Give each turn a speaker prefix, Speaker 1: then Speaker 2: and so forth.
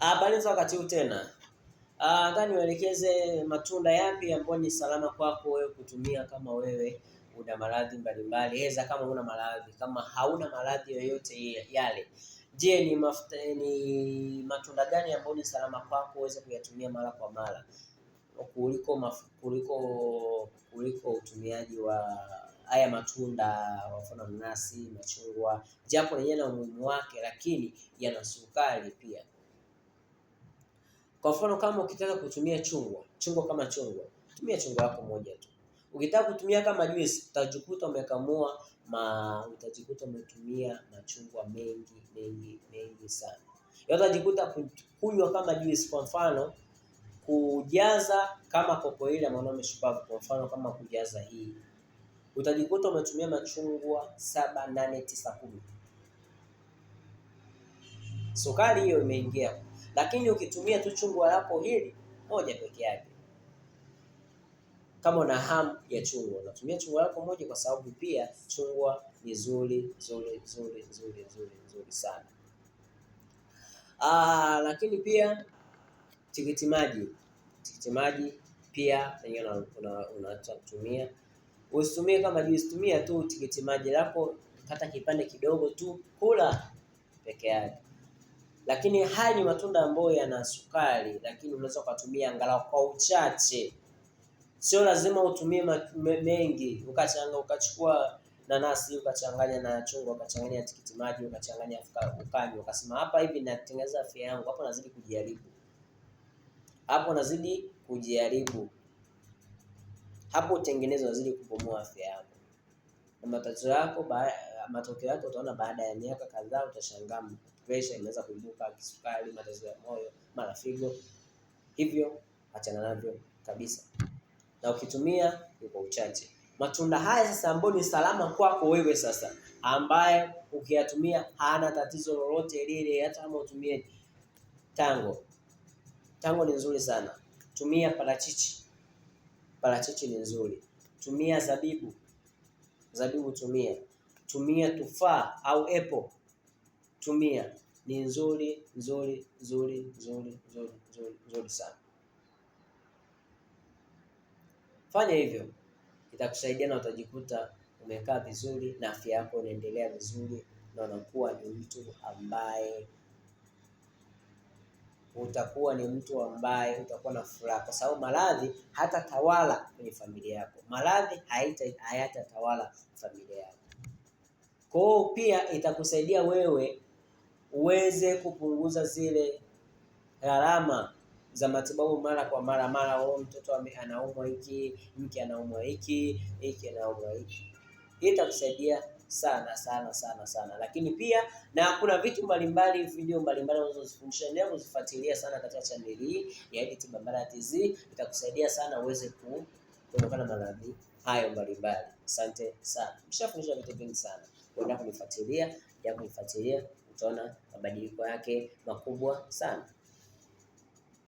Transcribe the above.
Speaker 1: Habari ah, za wakati huu tena. Ah, nataka niwaelekeze matunda yapi ambayo ni salama kwako wewe kutumia kama wewe una maradhi mbalimbali, eza kama una maradhi, kama hauna maradhi yoyote yale. Je, ni mafuta, ni matunda gani ambayo ni salama kwako uweze kuyatumia mara kwa mara kuliko kuliko kuliko utumiaji wa haya matunda kwa mfano machungwa, japo yenyewe na umuhimu wake, lakini yana sukari pia. Kwa mfano kama ukitaka kutumia chungwa, chungwa kama chungwa, tumia chungwa yako moja tu. Ukitaka kutumia kama juisi, utajikuta umekamua ma utajikuta umetumia machungwa mengi mengi mengi sana. Yaani utajikuta kunywa kama juisi, kwa mfano kujaza kama kopo ile mwanaume shupavu, kwa mfano kama kujaza hii, utajikuta umetumia machungwa saba, nane, tisa, kumi. Sukari hiyo imeingia lakini ukitumia tu chungwa lako hili moja peke yake, kama una hamu ya chungwa, unatumia chungwa lako moja, kwa sababu pia chungwa ni zuri zuri zuri zuri zuri zuri sana. Aa, ah, lakini pia tikiti maji, tikiti maji pia una, unatumia usitumie kama juisi, tumia tu tikiti maji lako, kata kipande kidogo tu, kula peke yake. Lakini haya ni matunda ambayo yana sukari, lakini unaweza ukatumia angalau kwa uchache, sio lazima utumie mengi. Ukachanga ukachukua nanasi ukachanganya na chungwa ukachanganya tikiti maji ukachanganya ukanywa, ukasema hapa hivi natengeneza afya yangu. Hapo nazidi kujaribu, hapo nazidi kujaribu, hapo utengeneza, unazidi kupomua afya yako na matatizo yako ba, matokeo yake utaona baada ya miaka kadhaa, utashangaa presha imeweza kuibuka, kisukari, matatizo ya moyo, mara figo. Hivyo achana navyo kabisa, na ukitumia ni kwa uchache. Matunda haya sasa ambayo ni salama kwako wewe sasa, ambaye ukiyatumia hana tatizo lolote lile, hata kama utumie tango. Tango ni nzuri sana, tumia parachichi, parachichi ni nzuri, tumia zabibu zabibu tumia, tumia tufaa au apple tumia, ni nzuri nzuri nzuri nzuri nzuri nzuri nzuri sana. Fanya hivyo, itakusaidia na utajikuta umekaa vizuri na afya yako inaendelea vizuri na unakuwa ni mtu ambaye utakuwa ni mtu ambaye utakuwa na furaha, kwa sababu maradhi hatatawala kwenye familia yako, maradhi hayatatawala familia yako. Kwa hiyo pia itakusaidia wewe uweze kupunguza zile gharama za matibabu mara kwa mara mara, wewe mtoto anaumwa hiki, mke anaumwa hiki, hiki anaumwa hiki. Hii itakusaidia sana sana sana sana, lakini pia na kuna vitu mbalimbali, video mbalimbali unazozifundisha, endelea kuzifuatilia sana katika chaneli hii ya Edit Bambara TZ, itakusaidia sana uweze kuondokana maradhi hayo mbalimbali. Asante sana, mshafundishwa vitu vingi sana, kuenda kunifuatilia, ya kunifuatilia utaona mabadiliko yake makubwa sana.